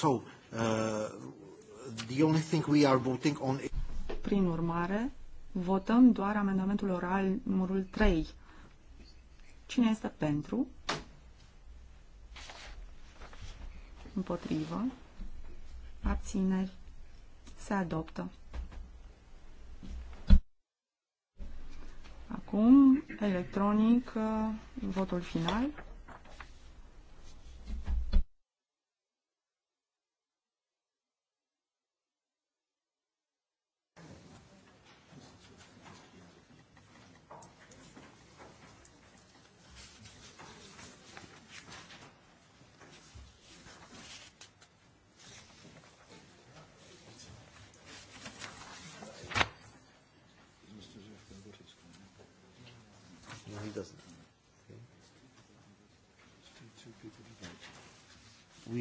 So, uh, the only thing we are voting on... Prin urmare, votăm doar amendamentul oral numărul 3. Cine este pentru? Împotrivă? Abțineri? Se adoptă. Acum, electronic, uh, votul final.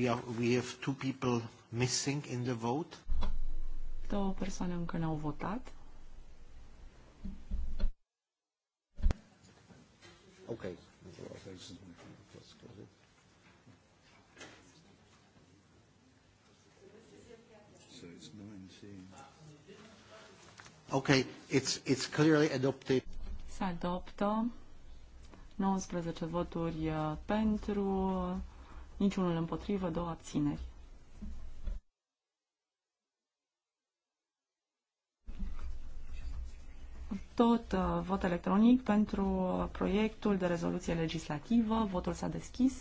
we, are, we have two people missing in the vote. Două persoane încă n-au votat. Okay. So Okay, it's, it's clearly adopted. Se adoptă 19 voturi uh, pentru niciunul împotrivă, două abțineri. Tot uh, vot electronic pentru uh, proiectul de rezoluție legislativă. Votul s-a deschis.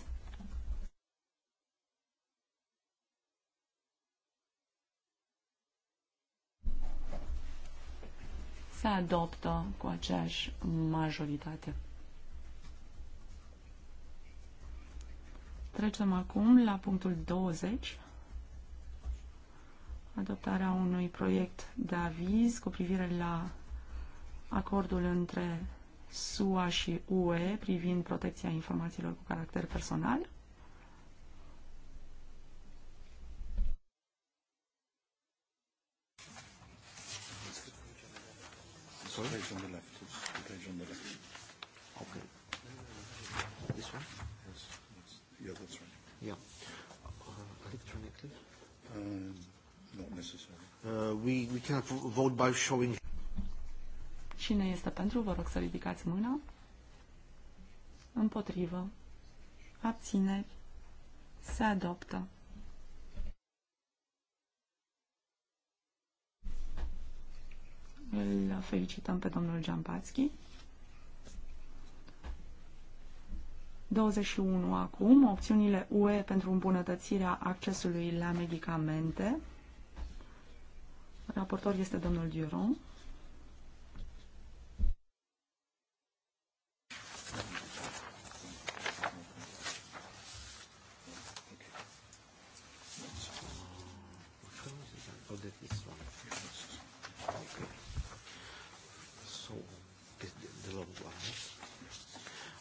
Se adoptă cu aceeași majoritate. Trecem acum la punctul 20, adoptarea unui proiect de aviz cu privire la acordul între SUA și UE privind protecția informațiilor cu caracter personal. Sorry? we, we cannot vote by showing... Cine este pentru? Vă rog să ridicați mâna. Împotrivă. Abțineri. Se adoptă. Îl felicităm pe domnul Giampatski. 21 acum, opțiunile UE pentru îmbunătățirea accesului la medicamente. Raportor este domnul Duron.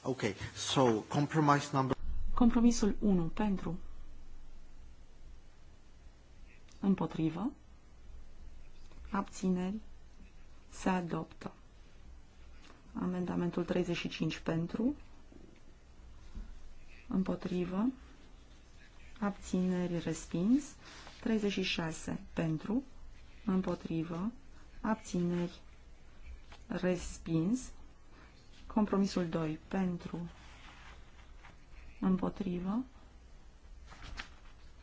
Okay, so compromise number... Compromisul 1 pentru împotrivă abțineri, se adoptă. Amendamentul 35 pentru, împotrivă, abțineri, respins, 36 pentru, împotrivă, abțineri, respins, compromisul 2 pentru, împotrivă,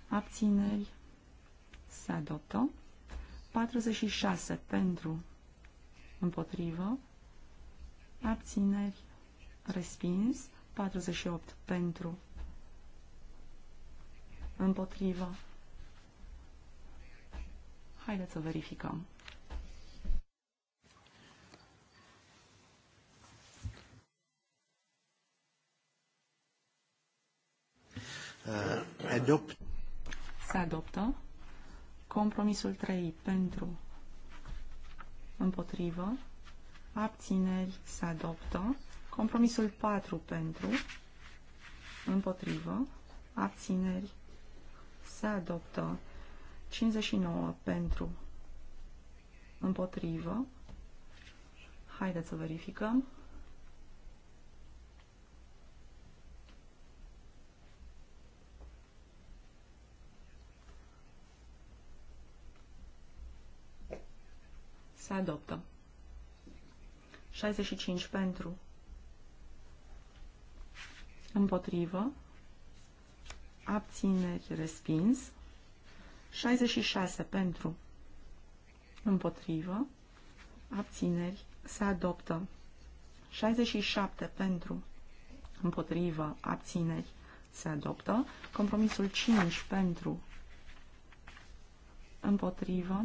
abțineri, se adoptă. 46 pentru, împotrivă, abțineri, respins, 48 pentru, împotrivă. Haideți să verificăm. Uh, adopt. Se adoptă. Compromisul 3 pentru împotrivă, abțineri se adoptă. Compromisul 4 pentru împotrivă, abțineri se adoptă. 59 pentru împotrivă. Haideți să verificăm. adoptă. 65 pentru. Împotrivă. Abțineri respins. 66 pentru. Împotrivă. Abțineri se adoptă. 67 pentru. Împotrivă. Abțineri se adoptă. Compromisul 5 pentru. Împotrivă.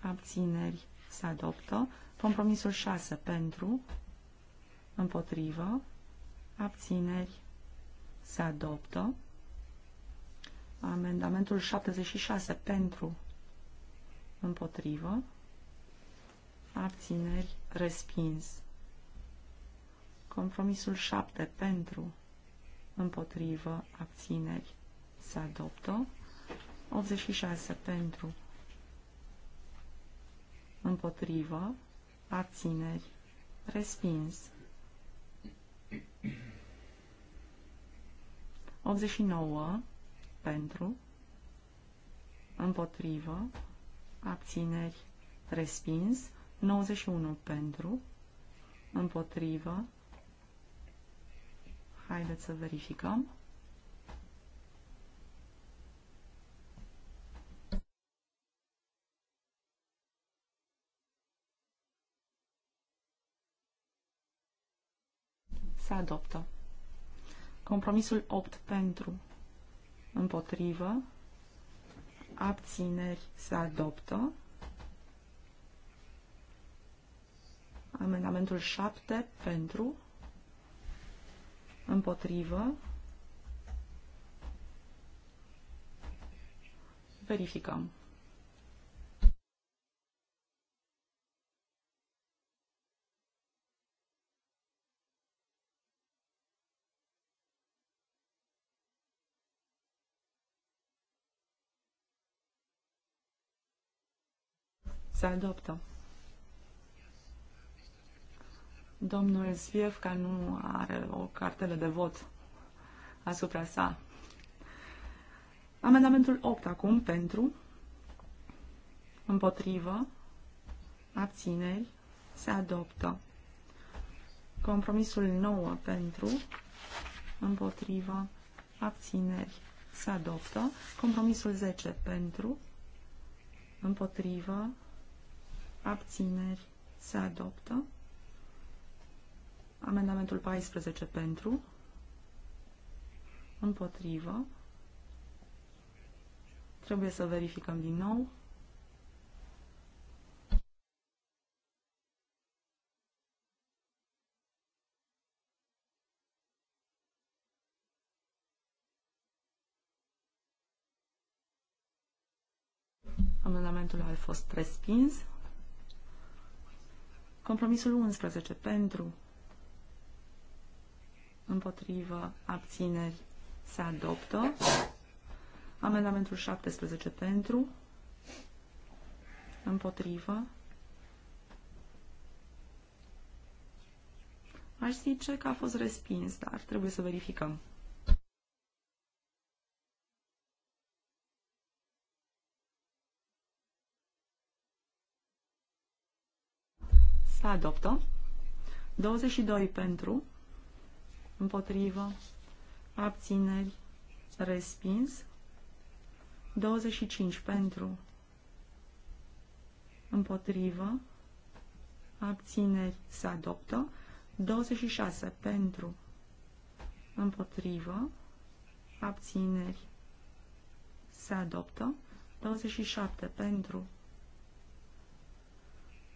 Abțineri se adoptă. Compromisul 6 pentru, împotrivă, abțineri, se adoptă. Amendamentul 76 pentru, împotrivă, abțineri, respins. Compromisul 7 pentru, împotrivă, abțineri, se adoptă. 86 pentru, împotrivă, abțineri, respins. 89 pentru, împotrivă, abțineri, respins. 91 pentru, împotrivă. Haideți să verificăm. adoptă. Compromisul 8 pentru, împotrivă, abțineri se adoptă. Amendamentul 7 pentru, împotrivă, verificăm. se adoptă. Domnul Svievca nu are o cartelă de vot asupra sa. Amendamentul 8 acum pentru, împotrivă, abțineri, se adoptă. Compromisul 9 pentru, împotrivă, abțineri, se adoptă. Compromisul 10 pentru, împotrivă, abțineri, se adoptă. Amendamentul 14 pentru, împotrivă. Trebuie să verificăm din nou. Amendamentul a fost respins. Compromisul 11 pentru împotrivă abțineri se adoptă. Amendamentul 17 pentru împotrivă. Aș zice că a fost respins, dar trebuie să verificăm. se adoptă. 22 pentru, împotrivă, abțineri, respins. 25 pentru, împotrivă, abțineri, se adoptă. 26 pentru, împotrivă, abțineri, se adoptă. 27 pentru,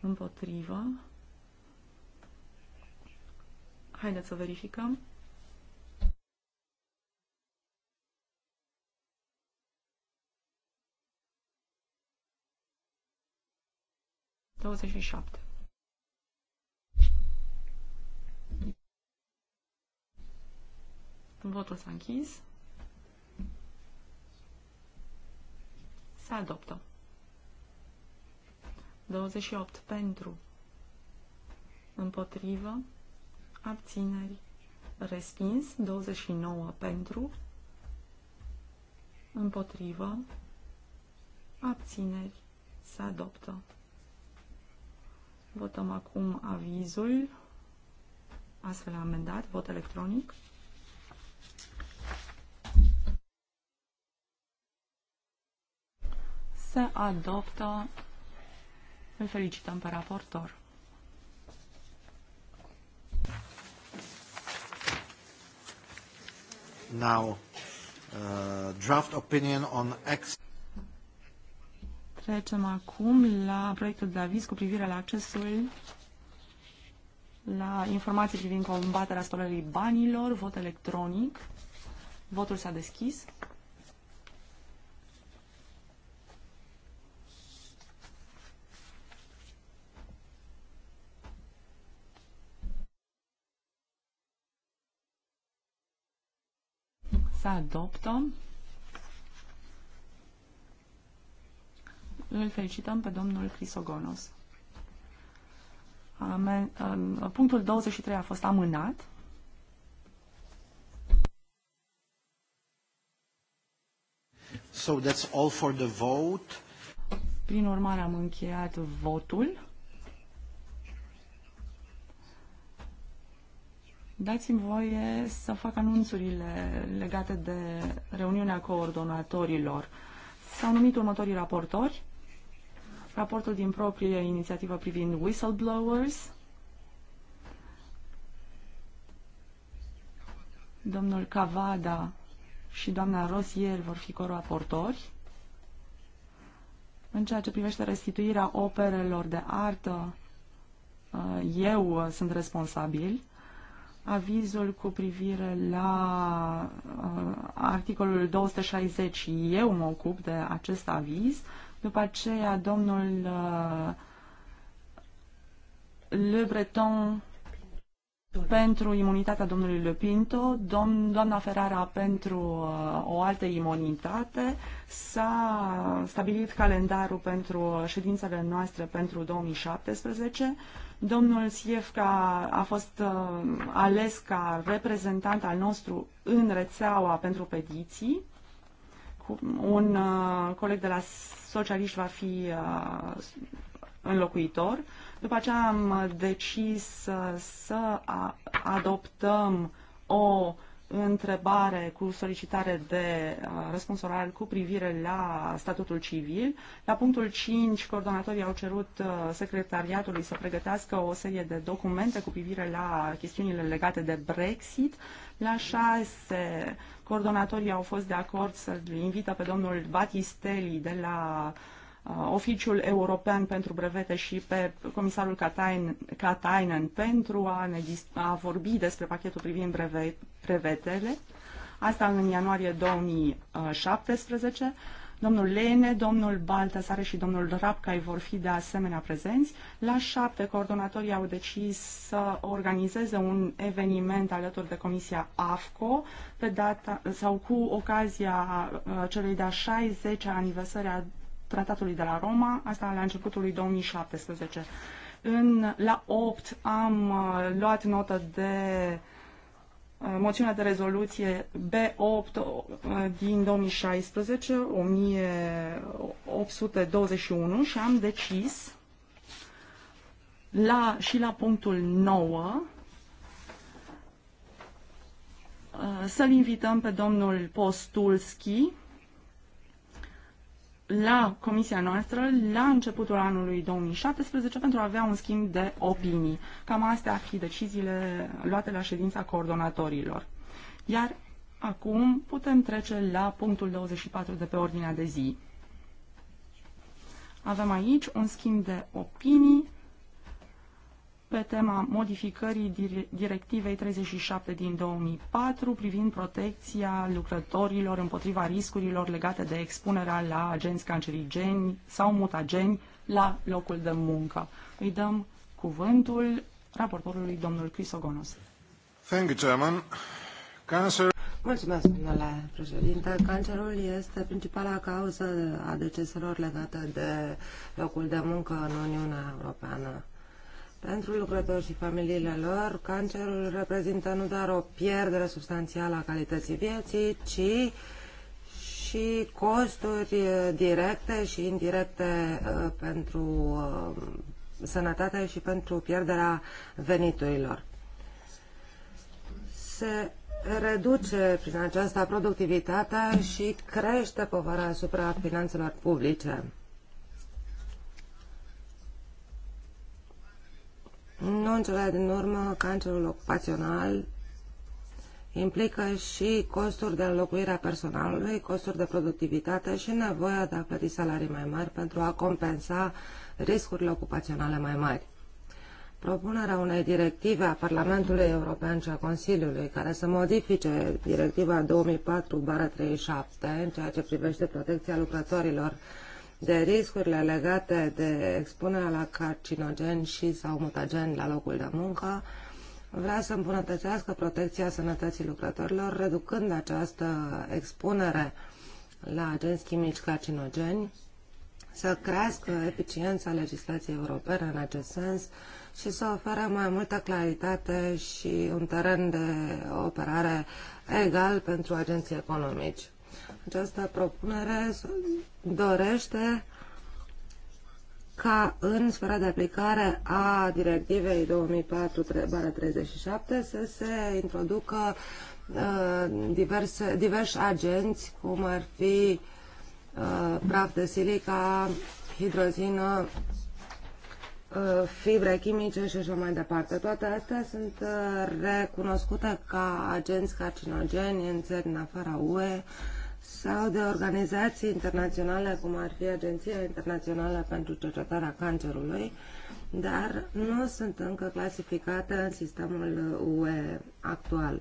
împotrivă, Haideți să verificăm. Douăzeci șapte. Votul s-a închis. Se adoptă. 28 pentru. Împotrivă abțineri, respins, 29 pentru, împotrivă, abțineri, se adoptă. Votăm acum avizul, astfel amendat, vot electronic. Se adoptă. Îl felicităm pe raportor. Now, uh, draft opinion on Trecem acum la proiectul de aviz cu privire la accesul la informații privind combaterea stolării banilor, vot electronic. Votul s-a deschis. să adoptăm. Îl felicităm pe domnul Crisogonos. Amen. Punctul 23 a fost amânat. So that's all for the vote. Prin urmare am încheiat votul. Dați-mi voie să fac anunțurile legate de reuniunea coordonatorilor. S-au numit următorii raportori. Raportul din proprie inițiativă privind whistleblowers. Domnul Cavada și doamna Rosier vor fi coroaportori. În ceea ce privește restituirea operelor de artă, eu uh, sunt responsabil avizul cu privire la uh, articolul 260 și eu mă ocup de acest aviz. După aceea, domnul uh, Le Breton pentru imunitatea domnului Le Pinto, dom doamna Ferrara pentru uh, o altă imunitate. S-a stabilit calendarul pentru ședințele noastre pentru 2017. Domnul Siefca a fost uh, ales ca reprezentant al nostru în rețeaua pentru petiții. Un uh, coleg de la socialiști va fi uh, înlocuitor. După aceea am decis să adoptăm o întrebare cu solicitare de uh, răspuns oral cu privire la statutul civil. La punctul 5, coordonatorii au cerut uh, secretariatului să pregătească o serie de documente cu privire la chestiunile legate de Brexit. La 6, coordonatorii au fost de acord să-l invită pe domnul Batistelli de la uh, Uh, Oficiul European pentru Brevete și pe comisarul Katainen, pentru a, ne, a vorbi despre pachetul privind breve, brevetele. Asta în ianuarie 2017. Domnul Lene, domnul Baltasare și domnul Rapcai vor fi de asemenea prezenți. La șapte, coordonatorii au decis să organizeze un eveniment alături de Comisia AFCO pe data, sau cu ocazia uh, celei de-a 60-a aniversări a tratatului de la Roma, asta la începutul lui 2017. În, la 8 am uh, luat notă de uh, moțiunea de rezoluție B8 uh, din 2016, 1821 și am decis la, și la punctul 9 să-l invităm pe domnul Postulski la comisia noastră la începutul anului 2017 pentru a avea un schimb de opinii. Cam astea ar fi deciziile luate la ședința coordonatorilor. Iar acum putem trece la punctul 24 de pe ordinea de zi. Avem aici un schimb de opinii pe tema modificării Directivei 37 din 2004 privind protecția lucrătorilor împotriva riscurilor legate de expunerea la agenți cancerigeni sau mutageni la locul de muncă. Îi dăm cuvântul raportorului domnul Crisogonos. Thank you, Chairman. Cancer... Mulțumesc, domnule președinte. Cancerul este principala cauză a deceselor legate de locul de muncă în Uniunea Europeană. Pentru lucrători și familiile lor, cancerul reprezintă nu doar o pierdere substanțială a calității vieții, ci și costuri directe și indirecte uh, pentru uh, sănătate și pentru pierderea veniturilor. Se reduce prin aceasta productivitatea și crește povara asupra finanțelor publice Nu în cele din urmă, cancerul ocupațional implică și costuri de înlocuire a personalului, costuri de productivitate și nevoia de a plăti salarii mai mari pentru a compensa riscurile ocupaționale mai mari. Propunerea unei directive a Parlamentului European și a Consiliului care să modifice directiva 2004-37 în ceea ce privește protecția lucrătorilor de riscurile legate de expunerea la carcinogeni și sau mutageni la locul de muncă, vrea să îmbunătățească protecția sănătății lucrătorilor, reducând această expunere la agenți chimici carcinogeni, să crească eficiența legislației europene în acest sens și să ofere mai multă claritate și un teren de operare egal pentru agenții economici. Această propunere dorește ca în sfera de aplicare a directivei 2004-37 să se introducă uh, diverse, diversi agenți, cum ar fi uh, praf de silica, hidrozină, uh, fibre chimice și așa mai departe. Toate astea sunt recunoscute ca agenți carcinogeni în țări în afara UE, sau de organizații internaționale, cum ar fi Agenția Internațională pentru Cercetarea Cancerului, dar nu sunt încă clasificate în sistemul UE actual.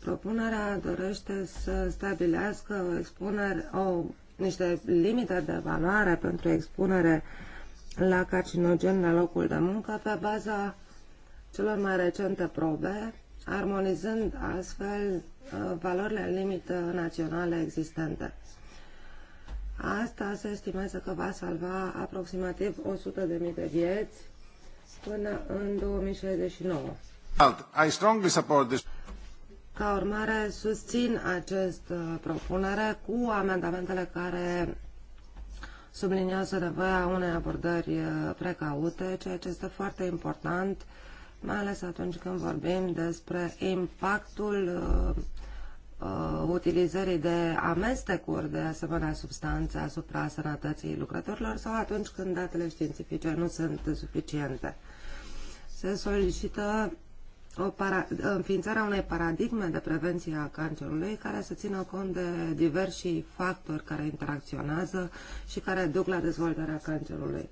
Propunerea dorește să stabilească o expunere, o, niște limite de valoare pentru expunere la carcinogen la locul de muncă pe baza celor mai recente probe, armonizând astfel Uh, valorile limită naționale existente. Asta se estimează că va salva aproximativ 100.000 de vieți până în 2069. I strongly support this. Ca urmare, susțin această propunere cu amendamentele care subliniază nevoia unei abordări uh, precaute, ceea ce este foarte important mai ales atunci când vorbim despre impactul uh, uh, utilizării de amestecuri de asemenea substanțe asupra sănătății lucrătorilor sau atunci când datele științifice nu sunt suficiente. Se solicită o para, înființarea unei paradigme de prevenție a cancerului care să țină cont de diversi factori care interacționează și care duc la dezvoltarea cancerului.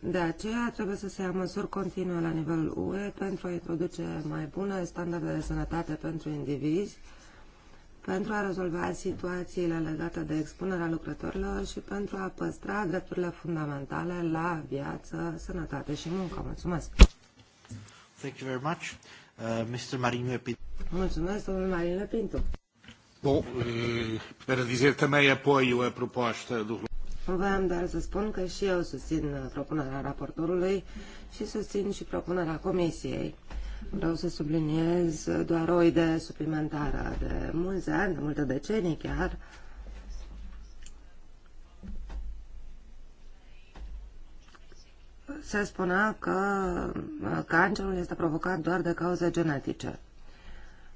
De aceea trebuie să se ia măsuri continue la nivel UE pentru a introduce mai bune standarde de sănătate pentru indivizi, pentru a rezolva situațiile legate de expunerea lucrătorilor și pentru a păstra drepturile fundamentale la viață, sănătate și muncă. Mulțumesc! Thank you very much. Uh, Mr. Marinho Pinto. Mulțumesc, domnul Marinho Pinto. Bom, uh, para dizer também apoio a proposta do Voiam doar să spun că și eu susțin uh, propunerea raportorului și susțin și propunerea comisiei. Vreau să subliniez uh, doar o idee suplimentară. De mulți ani, de multe decenii chiar, se spunea că uh, cancerul este provocat doar de cauze genetice.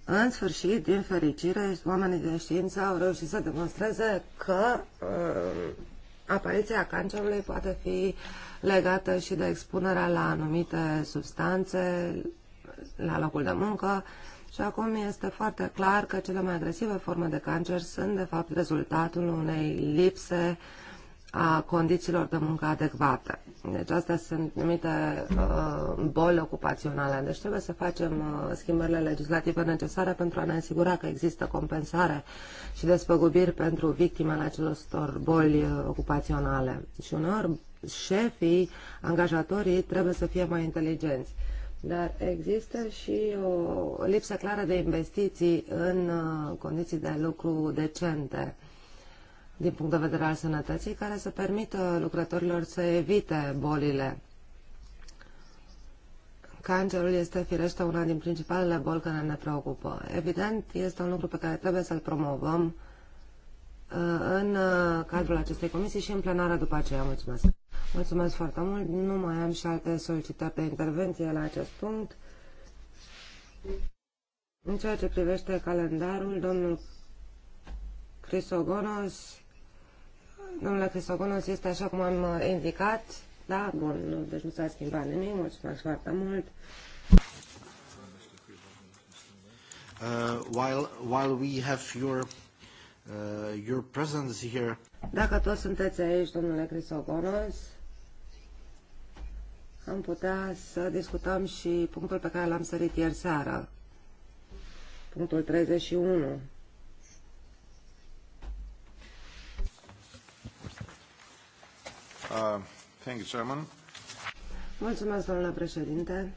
În sfârșit, din fericire, oamenii de știință au reușit să demonstreze că apariția cancerului poate fi legată și de expunerea la anumite substanțe, la locul de muncă, și acum este foarte clar că cele mai agresive forme de cancer sunt, de fapt, rezultatul unei lipse uh, a condițiilor de muncă adecvate. Deci astea sunt numite uh, boli ocupaționale. Deci trebuie să facem uh, schimbările legislative necesare pentru a ne asigura că există compensare și despăgubiri pentru victimele acestor boli uh, ocupaționale. Și uneori șefii, angajatorii trebuie să fie mai inteligenți. Dar există și o lipsă clară de investiții în uh, condiții de lucru decente din punct de vedere al sănătății care să permită lucrătorilor să evite bolile. Cancerul este firește una din principalele boli care ne preocupă. Evident, este un lucru pe care trebuie să-l promovăm uh, în uh, cadrul acestei comisii și în plenară după aceea. Mulțumesc! Mulțumesc foarte mult! Nu mai am și alte solicitări de intervenție la acest punct. În ceea ce privește calendarul, domnul Crisogonos Domnule Cristogonos este așa cum am uh, indicat. Da? Bun, nu, deci nu s-a schimbat nimic. Mulțumesc foarte mult. Uh, while, while we have your, uh, your presence here... Dacă toți sunteți aici, domnule Crisogonos, am putea să discutăm și punctul pe care l-am sărit ieri seara. Punctul 31. Uh, Mulțumesc, domnule președinte.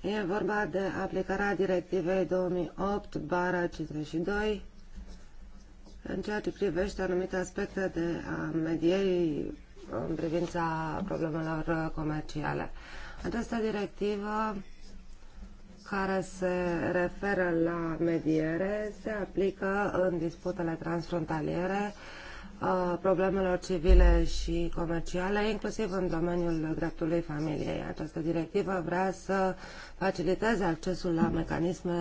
E vorba de aplicarea directivei 2008-52 în ceea ce privește anumite aspecte de medierii în privința problemelor comerciale. Această directivă care se referă la mediere se aplică în disputele transfrontaliere problemelor civile și comerciale, inclusiv în domeniul dreptului familiei. Această directivă vrea să faciliteze accesul la mecanisme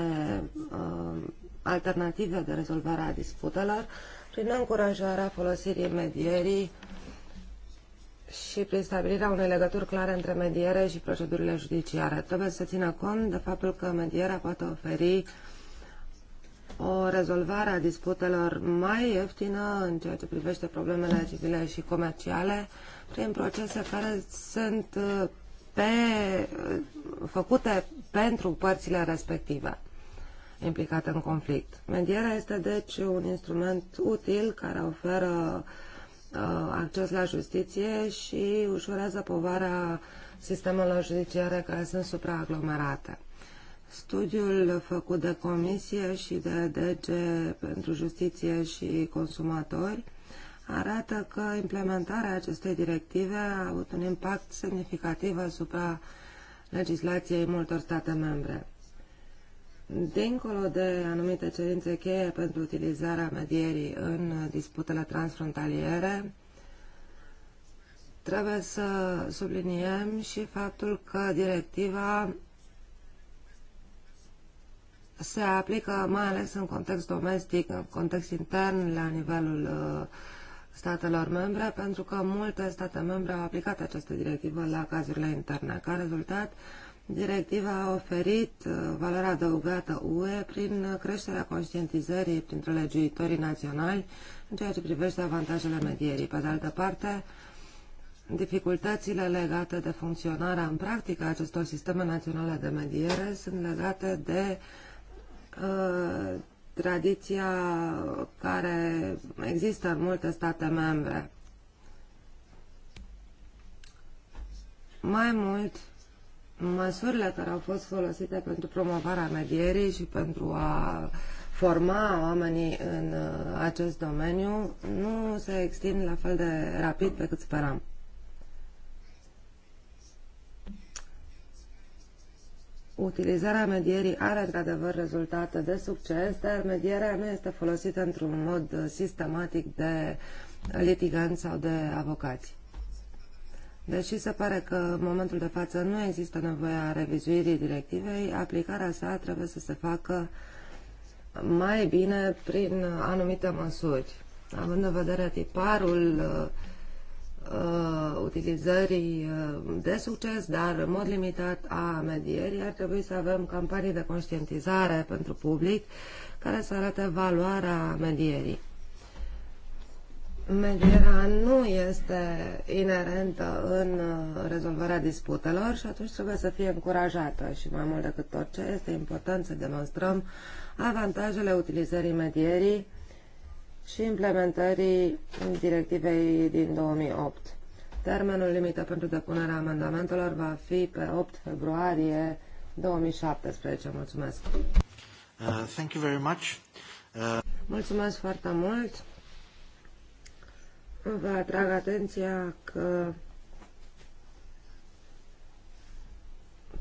alternative de rezolvare a disputelor prin încurajarea folosirii medierii și prin stabilirea unei legături clare între mediere și procedurile judiciare. Trebuie să țină cont de faptul că medierea poate oferi uh, o rezolvare a disputelor mai ieftină în ceea ce privește problemele civile și comerciale prin procese care sunt uh, pe, uh, făcute pentru părțile respective implicate în conflict. Medierea este deci un instrument util care oferă uh, acces la justiție și ușurează povara sistemelor judiciare care sunt supraaglomerate. Studiul făcut de Comisie și de DG pentru Justiție și Consumatori arată că implementarea acestei directive a avut un impact semnificativ asupra legislației multor state membre. Dincolo de anumite cerințe cheie pentru utilizarea medierii în disputele transfrontaliere, trebuie să subliniem și faptul că directiva se aplică mai ales în context domestic, în context intern, la nivelul uh, statelor membre, pentru că multe state membre au aplicat această directivă la cazurile interne. Ca rezultat, directiva a oferit uh, valoarea adăugată UE prin creșterea conștientizării printre legiuitorii naționali în ceea ce privește avantajele medierii. Pe de altă parte, Dificultățile legate de funcționarea în practică a acestor sisteme naționale de mediere sunt legate de Uh, tradiția care există în multe state membre. Mai mult, măsurile care au fost folosite pentru promovarea medierii și pentru a forma oamenii în uh, acest domeniu nu se extind la fel de rapid pe cât speram. utilizarea medierii are într-adevăr rezultate de succes, dar medierea nu este folosită într-un mod uh, sistematic de litiganți sau de avocați. Deși se pare că în momentul de față nu există nevoia revizuirii directivei, aplicarea sa trebuie să se facă mai bine prin anumite măsuri. Având în vedere tiparul uh, uh, utilizării uh, de succes, dar în mod limitat a medierii, ar trebui să avem campanii de conștientizare pentru public care să arate valoarea medierii. Medierea nu este inerentă în uh, rezolvarea disputelor și atunci trebuie să fie încurajată și mai mult decât orice este important să demonstrăm avantajele utilizării medierii și implementării directivei din 2008. Termenul limită pentru depunerea amendamentelor va fi pe 8 februarie 2017. Mulțumesc! Uh, thank you very much. Uh... Mulțumesc foarte mult! Vă atrag atenția că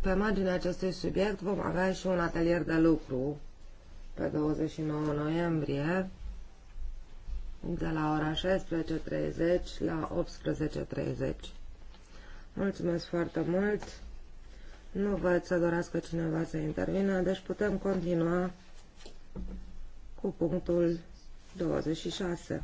pe marginea acestui subiect vom avea și un atelier de lucru pe 29 noiembrie de la ora 16.30 la 18.30. Mulțumesc foarte mult! Nu văd să dorească cineva să intervină, deci putem continua cu punctul 26.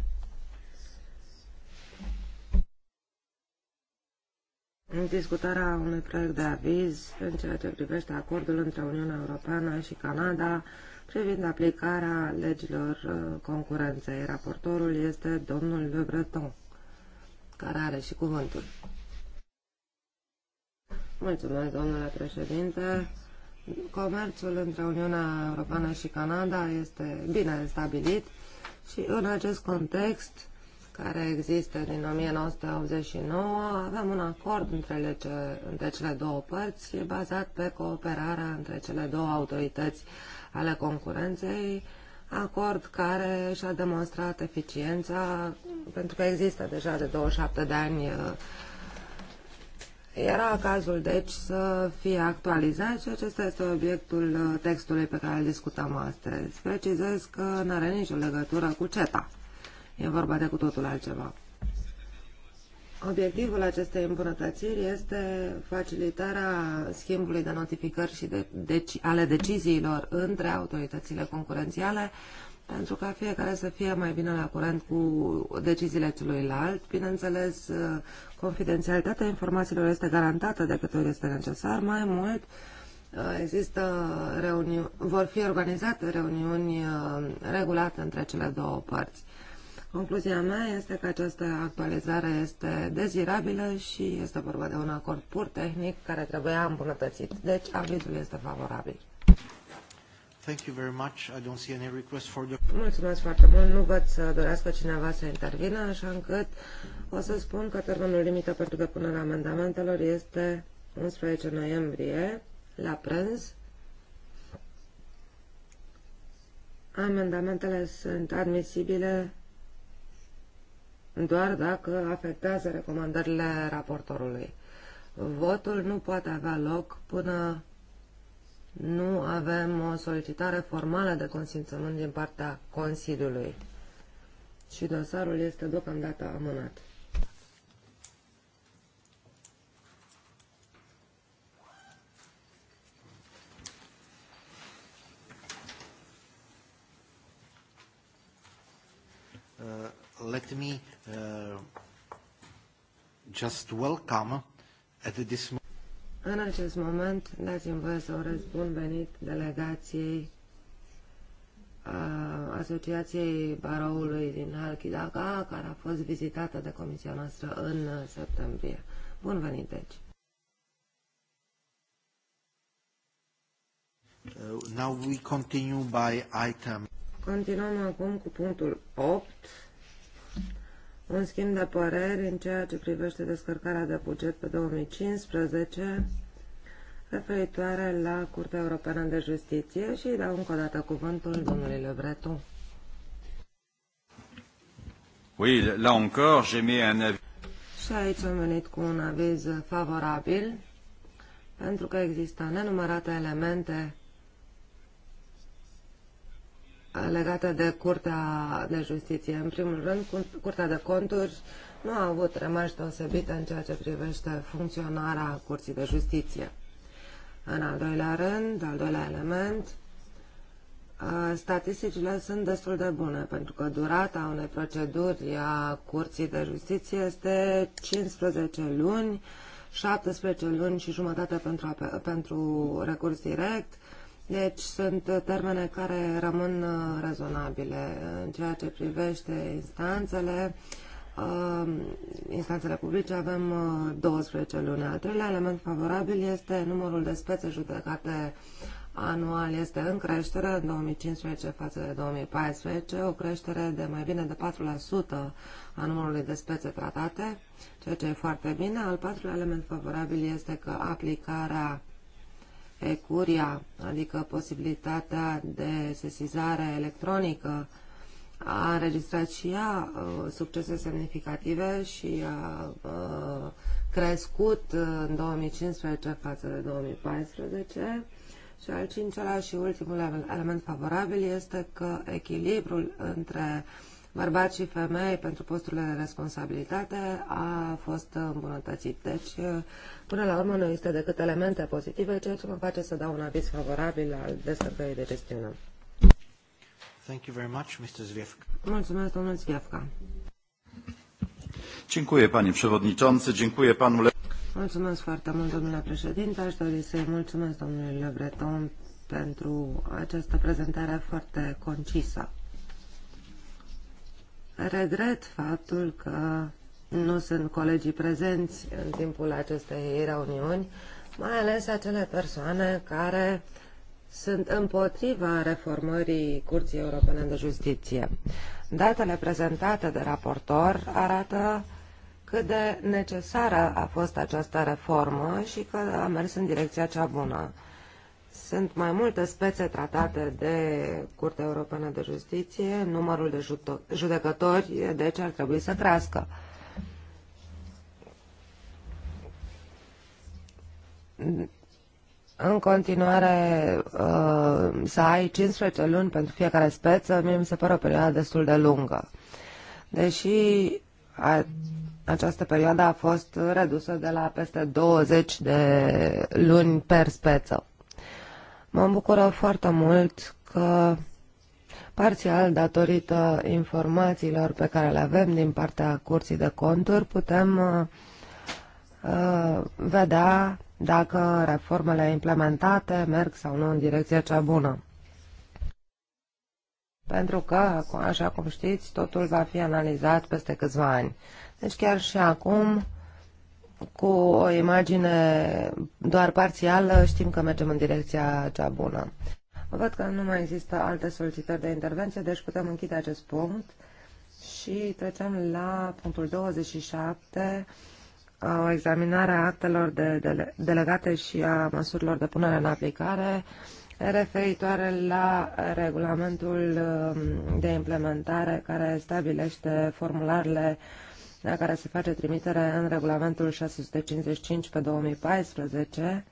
În discutarea unui proiect de aviz în ceea ce privește acordul între Uniunea Europeană și Canada privind aplicarea legilor uh, concurenței. Raportorul este domnul Le Breton, care are și cuvântul. Mulțumesc, domnule președinte. Comerțul între Uniunea Europeană și Canada este bine stabilit și în acest context care există din 1989, avem un acord între, lege, între cele două părți bazat pe cooperarea între cele două autorități ale concurenței, acord care și-a demonstrat eficiența, pentru că există deja de 27 de ani. Uh, era cazul, deci, să fie actualizat și acesta este obiectul uh, textului pe care îl discutăm astăzi. Precizez că nu are nicio legătură cu CETA. E vorba de cu totul altceva. Obiectivul acestei îmbunătățiri este facilitarea schimbului de notificări și de, de, deci, ale deciziilor între autoritățile concurențiale pentru ca fiecare să fie mai bine la curent cu deciziile celuilalt. Bineînțeles, confidențialitatea informațiilor este garantată de câte ori este necesar. Mai mult, există reuniuni, vor fi organizate reuniuni regulate între cele două părți. Concluzia mea este că această actualizare este dezirabilă și este vorba de un acord pur tehnic care trebuia îmbunătățit. Deci avizul este favorabil. Thank you very much. I don't see any request for the... Mulțumesc foarte mult. Nu văd să dorească cineva să intervină, așa încât o să spun că termenul limită pentru depunerea amendamentelor este 11 noiembrie la prânz. Amendamentele sunt admisibile doar dacă afectează recomandările raportorului. Votul nu poate avea loc până nu avem o solicitare formală de consimțământ din partea Consiliului și dosarul este deocamdată amânat. Uh let me uh, just welcome at this moment. În acest moment, dați-mi voie să urez bun venit delegației uh, Asociației Baroului din Halkidaka, care a fost vizitată de comisia noastră în septembrie. Bun venit, deci! Uh, now we continue by item. Continuăm acum cu punctul 8 un schimb de păreri în ceea ce privește descărcarea de buget pe 2015 referitoare la Curtea Europeană de Justiție și dau încă o dată cuvântul domnului Lebreton. Oui, là encore, j'ai mis un avis. Și aici am venit cu un aviz favorabil, pentru că există nenumărate elemente Legată de Curtea de Justiție. În primul rând, Curtea de Conturi nu a avut rămași deosebite în ceea ce privește funcționarea Curții de Justiție. În al doilea rând, al doilea element, statisticile sunt destul de bune, pentru că durata unei proceduri a Curții de Justiție este 15 luni, 17 luni și jumătate pentru, pentru recurs direct, deci sunt uh, termene care rămân uh, rezonabile. În ceea ce privește instanțele, uh, instanțele publice avem 12 luni. Al treilea element favorabil este numărul de spețe judecate anual este în creștere în 2015 față de 2014, o creștere de mai bine de 4% a numărului de spețe tratate, ceea ce e foarte bine. Al patrulea element favorabil este că aplicarea ECURIA, adică posibilitatea de sesizare electronică, a înregistrat și ea uh, succese semnificative și a uh, crescut în 2015 față de 2014. Și al cincelea și ultimul element favorabil este că echilibrul între uh, bărbați și femei pentru posturile de responsabilitate a fost îmbunătățit. Deci, până la urmă, nu este decât elemente pozitive, ceea ce mă face să dau un aviz favorabil al descărcării de gestiune. Thank you very much, Mr. Mulțumesc, domnul Zwiefka. Dziękuję, panie przewodniczący, dziękuję panu Le... Mulțumesc foarte mult, domnule președinte. Aș dori să-i mulțumesc domnului Le Breton pentru această prezentare foarte concisă regret faptul că nu sunt colegii prezenți în timpul acestei reuniuni, mai ales acele persoane care sunt împotriva reformării Curții Europene de Justiție. Datele prezentate de raportor arată cât de necesară a fost această reformă și că a mers în direcția cea bună. Sunt mai multe spețe tratate de Curtea Europeană de Justiție, numărul de judecători, deci ar trebui să crească. În continuare, uh, să ai 15 luni pentru fiecare speță, mie mi se pare o perioadă destul de lungă. Deși această perioadă a fost redusă de la peste 20 de luni per speță. Mă bucură foarte mult că, parțial datorită informațiilor pe care le avem din partea Curții de Conturi, putem uh, uh, vedea dacă reformele implementate merg sau nu în direcția cea bună. Pentru că, așa cum știți, totul va fi analizat peste câțiva ani. Deci chiar și acum cu o imagine doar parțială, știm că mergem în direcția cea bună. Văd că nu mai există alte solicitări de intervenție, deci putem închide acest punct și trecem la punctul 27, o examinare a actelor de dele delegate și a măsurilor de punere în aplicare referitoare la regulamentul um, de implementare care stabilește formularele uh, la care se face trimitere în regulamentul 655 pe 2014.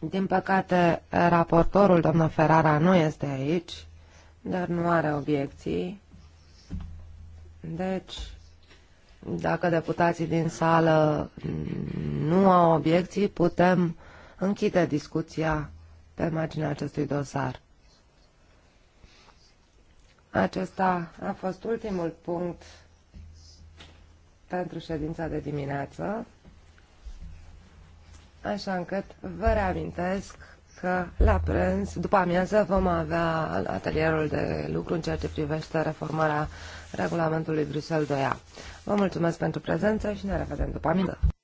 Din păcate, raportorul, domnul Ferrara, nu este aici, dar nu are obiecții. Deci, dacă deputații din sală nu au obiecții, putem închide discuția pe marginea acestui dosar. Acesta a fost ultimul punct pentru ședința de dimineață, așa încât vă reamintesc că la prânz, după amiază, vom avea atelierul de lucru în ceea ce privește reformarea regulamentului Bruxelles 2A. Vă mulțumesc pentru prezență și ne revedem după amiază.